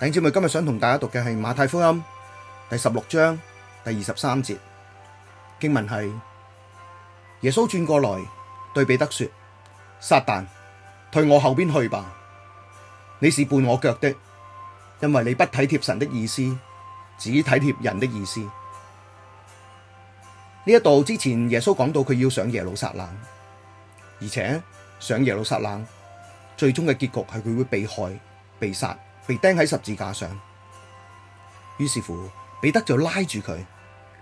弟兄姊妹，今日想同大家讀嘅係馬太福音第十六章第二十三節經文係耶穌轉過來對彼得說：撒但，退我後邊去吧！你是絆我腳的，因為你不體貼神的意思，只體貼人的意思。呢一度之前耶穌講到佢要上耶路撒冷，而且上耶路撒冷最終嘅結局係佢會被害、被殺。被釘喺十字架上，於是乎彼得就拉住佢，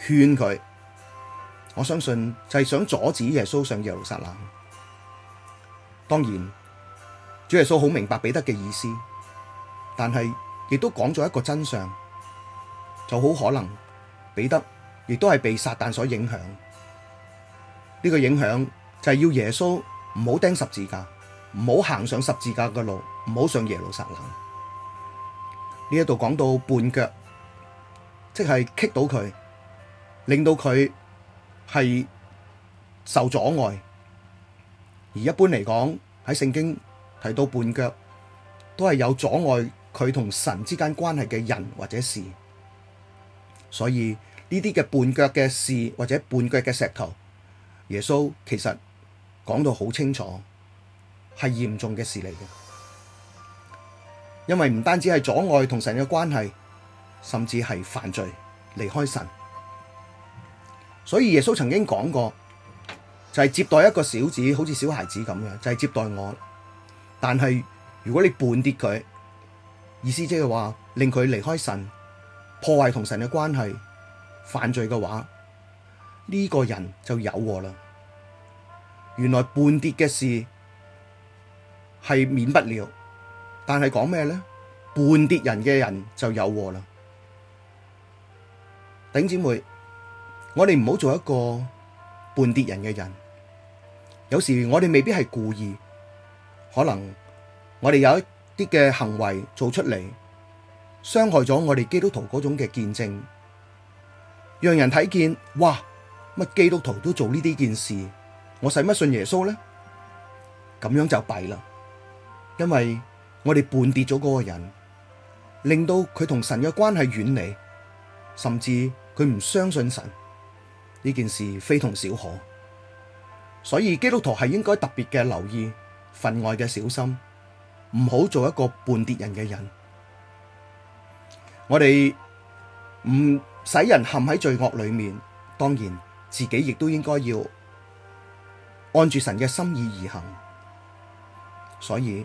勸佢，我相信就係想阻止耶穌上耶路撒冷。當然，主耶穌好明白彼得嘅意思，但係亦都講咗一個真相，就好可能彼得亦都係被撒旦所影響。呢個影響就係要耶穌唔好釘十字架，唔好行上十字架嘅路，唔好上耶路撒冷。呢一度講到絆腳，即係棘到佢，令到佢係受阻礙。而一般嚟講，喺聖經提到絆腳，都係有阻礙佢同神之間關係嘅人或者事。所以呢啲嘅絆腳嘅事或者絆腳嘅石頭，耶穌其實講到好清楚，係嚴重嘅事嚟嘅。因為唔單止係阻礙同神嘅關係，甚至係犯罪離開神。所以耶穌曾經講過，就係、是、接待一個小子，好似小孩子咁樣，就係、是、接待我。但係如果你絆跌佢，意思即係話令佢離開神，破壞同神嘅關係，犯罪嘅話，呢、這個人就有禍啦。原來絆跌嘅事係免不了。但係講咩咧？絆跌人嘅人就有禍啦，頂姐妹，我哋唔好做一個絆跌人嘅人。有時我哋未必係故意，可能我哋有一啲嘅行為做出嚟，傷害咗我哋基督徒嗰種嘅見證，讓人睇見，哇乜基督徒都做呢啲件事，我使乜信耶穌咧？咁樣就弊啦，因為。我哋絆跌咗嗰個人，令到佢同神嘅關係遠離，甚至佢唔相信神。呢件事非同小可。所以基督徒係應該特別嘅留意，份外嘅小心，唔好做一個絆跌人嘅人。我哋唔使人陷喺罪惡裏面，當然自己亦都應該要按住神嘅心意而行。所以。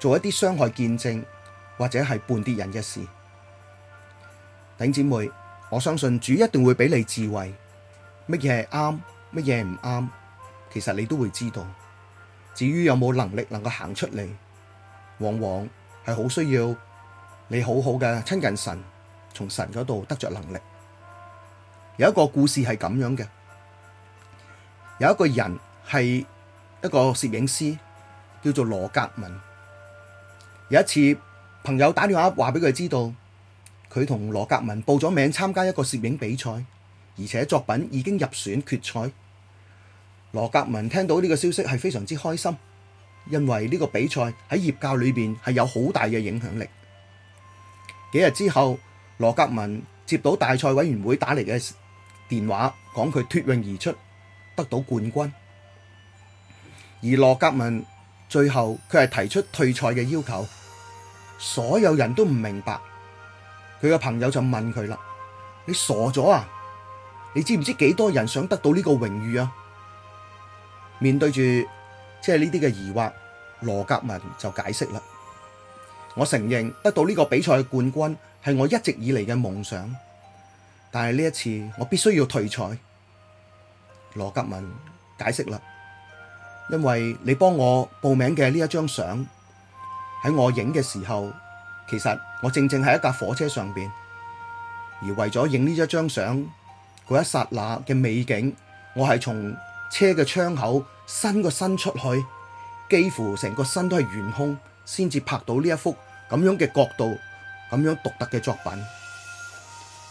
做一啲傷害見證或者係絆啲人嘅事，弟兄姐妹，我相信主一定會俾你智慧，乜嘢係啱，乜嘢係唔啱，其實你都會知道。至於有冇能力能夠行出嚟，往往係好需要你好好嘅親近神，從神嗰度得着能力。有一個故事係咁樣嘅，有一個人係一個攝影師，叫做羅格文。有一次朋友打電話話俾佢知道，佢同羅格文報咗名參加一個攝影比賽，而且作品已經入選決賽。羅格文聽到呢個消息係非常之開心，因為呢個比賽喺業界裏邊係有好大嘅影響力。幾日之後，羅格文接到大賽委員會打嚟嘅電話，講佢脫穎而出，得到冠軍。而羅格文最後佢係提出退賽嘅要求。所有人都唔明白，佢嘅朋友就問佢啦：你傻咗啊？你知唔知幾多人想得到呢個榮譽啊？面對住即係呢啲嘅疑惑，羅格文就解釋啦：我承認得到呢個比賽冠軍係我一直以嚟嘅夢想，但係呢一次我必須要退賽。羅格文解釋啦，因為你幫我報名嘅呢一張相。喺我影嘅時候，其實我正正喺一架火車上邊，而為咗影呢一張相，嗰一剎那嘅美景，我係從車嘅窗口伸個身出去，幾乎成個身都係懸空，先至拍到呢一幅咁樣嘅角度、咁樣獨特嘅作品。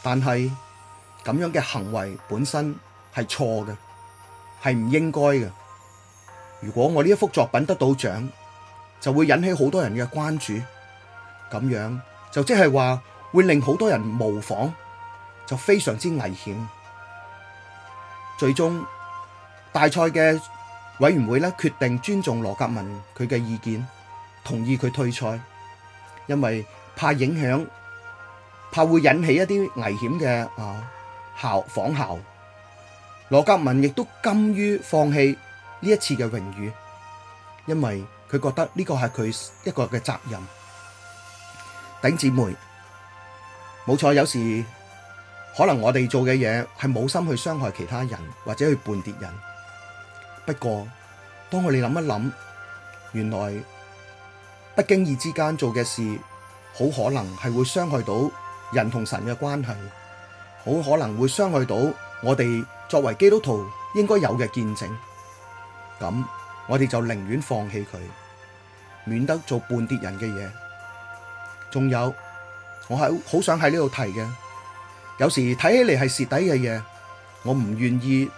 但係咁樣嘅行為本身係錯嘅，係唔應該嘅。如果我呢一幅作品得到獎，就會引起好多人嘅關注，咁樣就即係話會令好多人模仿，就非常之危險。最終大賽嘅委員會咧決定尊重羅格文佢嘅意見，同意佢退賽，因為怕影響，怕會引起一啲危險嘅啊效仿效。羅格文亦都甘於放棄呢一次嘅榮譽，因為。佢覺得呢個係佢一個嘅責任，頂姊妹冇錯。有時可能我哋做嘅嘢係冇心去傷害其他人或者去絆跌人。不過當我哋諗一諗，原來不經意之間做嘅事，好可能係會傷害到人同神嘅關係，好可能會傷害到我哋作為基督徒應該有嘅見證。咁。我哋就寧願放棄佢，免得做絆跌人嘅嘢。仲有，我係好想喺呢度提嘅，有時睇起嚟係蝕底嘅嘢，我唔願意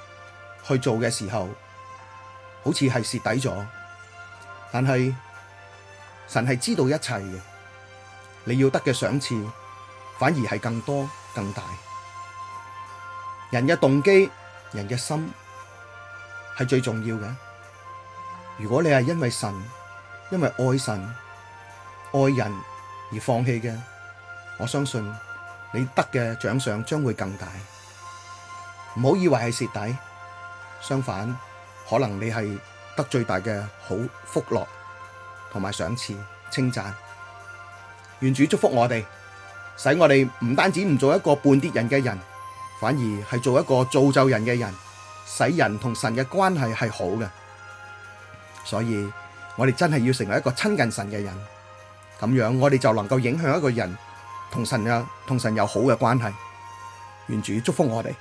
去做嘅時候，好似係蝕底咗。但係神係知道一切嘅，你要得嘅賞賜反而係更多更大。人嘅動機，人嘅心係最重要嘅。如果你係因為神、因為愛神、愛人而放棄嘅，我相信你得嘅獎賞將會更大。唔好以為係蝕底，相反，可能你係得最大嘅好福樂同埋賞賜、稱讚。願主祝福我哋，使我哋唔單止唔做一個絆跌人嘅人，反而係做一個造就人嘅人，使人同神嘅關係係好嘅。所以，我哋真係要成為一個親近神嘅人，咁樣我哋就能夠影響一個人同神同神有好嘅關係。願主祝福我哋。